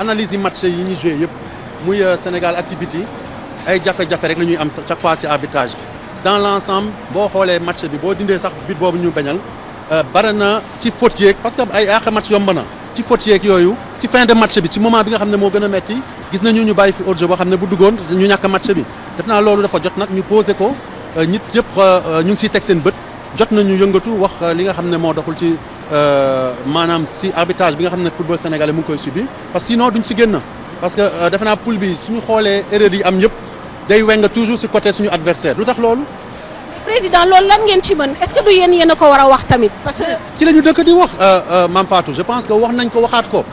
analise yi match yi ñu joué yëpp muy euh, Sénégal ak ay jafe-jafe rek la ñuy am chaque fois si arbitrage bi dans l' boo xoolee match bi boo dindee sax bit boobu ñu bañal euh, bare na ci faute yeeg parce que ay àq match yomb na ci faute yeeg yooyu ci fin de match bi ci moment bi nga xam ne moo gën a metti gis nañu ñu bàyyi fi hors-jeu xam ne bu duggoon ñu ñàkk match bi def naa loolu dafa jot nag ñu posé ko nit euh, yëpp ñu ngi siy teg seen bët jot nañu yëngatu wax li nga xam ne moo doxul ci Euh, maanaam si arbitrage bi nga xam ne football sénégalais mu ngi koy subi parce que sinon duñ si génn parce que euh, defe naa poule bi suñu xoolee erreur yi am yëpp day weng toujours si côté suñu adversaire lu tax loolu. président loolu lan ngeen ci mën est-ce que du yéen yéen a ko war a wax tamit. parce que ci la dëkk di wax. Euh, Mame Fatou je pense que wax nañ ko waxaat ko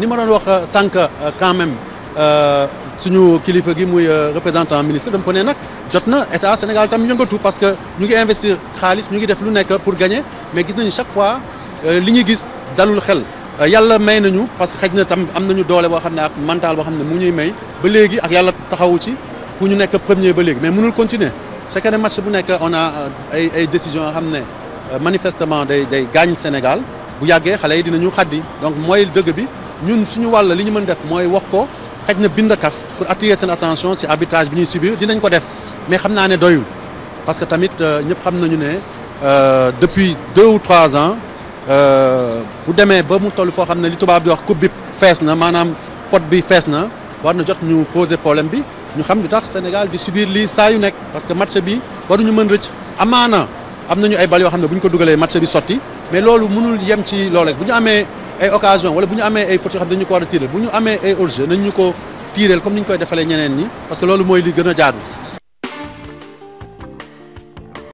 ni ma doon wax sànq quand même suñu kilifa gi muy représentant ministre dama ko ne nag jot na état Sénégal tam yëngatu parce que ñu ngi investir xaalis ñu ngi def lu nekk pour gagner mais gis nañu chaque fois. Euh, li ñu gis dalul xel euh, yàlla may nañu parce que xëj na tam am nañu doole boo xam ne ak mantaal boo xam ne mu ñuy may ba léegi ak yàlla taxawu ci pour ñu nekk premier ba léegi mais munul continuer c'est que match bu nekk on a euh, ay ay décisions yoo xam ne manifestement day day gaañ Sénégal bu yàggee xale yi dinañu xaddi donc mooy dëgg bi ñun suñu wàll li ñu mën def mooy wax ko xëj na bind kaf pour attirer seen attention ci arbitrage bi ñuy subir dinañ ko def mais xam naa ne doyul parce que tamit ñëpp xam nañu ne depuis deux trois ans. bu demee ba mu toll foo xam ne li tubaab di wax coupe bi fees na maanaam pot bi fees na war na jot ñu poser problème bi ñu xam lu tax Sénégal di subir lii saa yu nekk parce que match bi ñu mën rëcc amaana am nañu ay bal yoo xam ne bu ñu ko dugalee match bi sotti mais loolu mënul yem ci loolu rek bu ñu amee occasion wala bu ñu amee ay yoo xam ne dañu ko war a tirer bu ñu amee ay hors-jeu ñu ko tiireel comme ni ñu koy defalee ñeneen ñi parce que loolu mooy li gën a